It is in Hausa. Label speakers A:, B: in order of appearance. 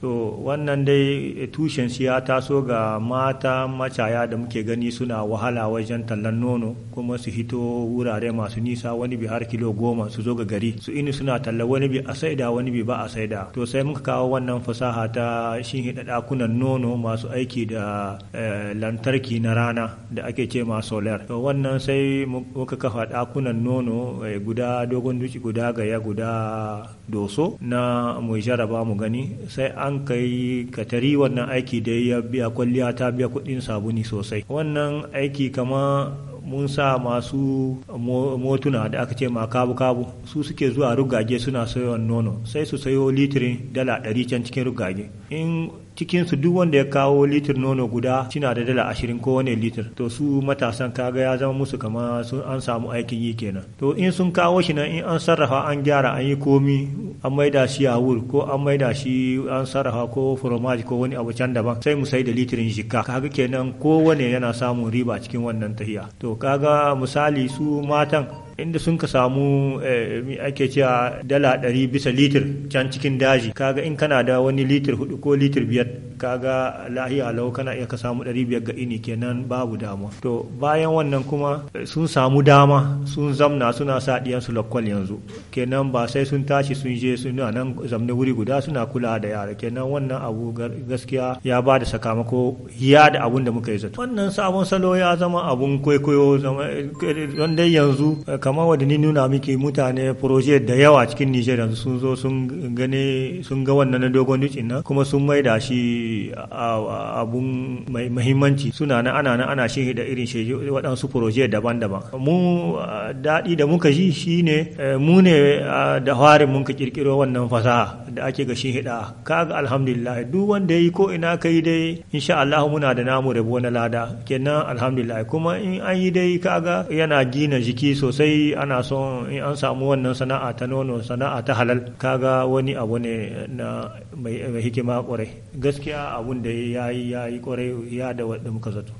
A: to wannan dai eh, tushen ya taso ga mata macaya da muke gani suna wahala wajen tallan nono kuma su hito wurare masu nisa wani bi har kilo goma su zo ga gari su ini suna talla wani bi a saida wani bi ba a saida to sai muka kawo wannan fasaha ta shin hida dakunan nono masu aiki da eh, lantarki na rana da ake ce ma solar to wannan sai muka kafa dakunan nono eh, guda dogon duci guda gaya guda doso na mu jaraba mu gani sai an an kai katari wannan aiki da ya biya kwalliya ta biya kudin sabuni sosai wannan aiki kama mun sa masu motuna da aka ce ma kabu-kabu su suke zuwa rugage suna sayo nono sai su sayo litirin dala ɗari can cikin rugage in cikin su duk wanda ya kawo litir nono guda shina da dala ashirin ko wani litir to su matasan kaga ya zama musu kama sun an samu aikin yi kenan to in sun kawo shi nan in an sarrafa an gyara an yi komi an maida shi a ko an maida shi an sarrafa ko fromage ko wani abu can daban sai mu sai da litirin shika kaga kenan kowane yana samun riba cikin wannan tahiya to kaga misali su matan inda sun ka samu eh, ake cewa dala ɗari bisa litir can cikin daji kaga in kana da wani litir hudu ko litir biyar kaga lahiya lau kana iya ka samu ɗari biyar ga ini kenan babu dama to bayan wannan kuma eh, sun samu dama sun zamna suna sa su lakwal yanzu kenan ba sai sun tashi sun je suna nan zamne wuri guda suna kula da yara kenan wannan abu gaskiya ya ba da sakamako ya da abun da muka yi zato wannan sabon salo ya zama abun kwaikwayo zama eh, yanzu kamar wadda ni nuna miki mutane proje da yawa cikin nijar yanzu sun zo sun gane sun ga wannan na dogon dutsen nan kuma sun da shi abun mahimmanci muhimmanci suna na ana nan ana shi da irin shi waɗansu proje daban-daban mu daɗi da muka ji shine e, mu ne da harin mun ka kirkiro wannan fasaha da ake ga shi hida kaga alhamdulillah duk wanda yayi ko ina kai dai insha Allah muna da namu rabo na lada kenan alhamdulillah kuma in an yi dai kaga yana gina jiki sosai dai ana son in an samu wannan sana'a ta nono sana'a ta halal kaga wani abu ne na mai hikima kwarai gaskiya abun da ya yi ya yi kwarai ya da wadda muka zato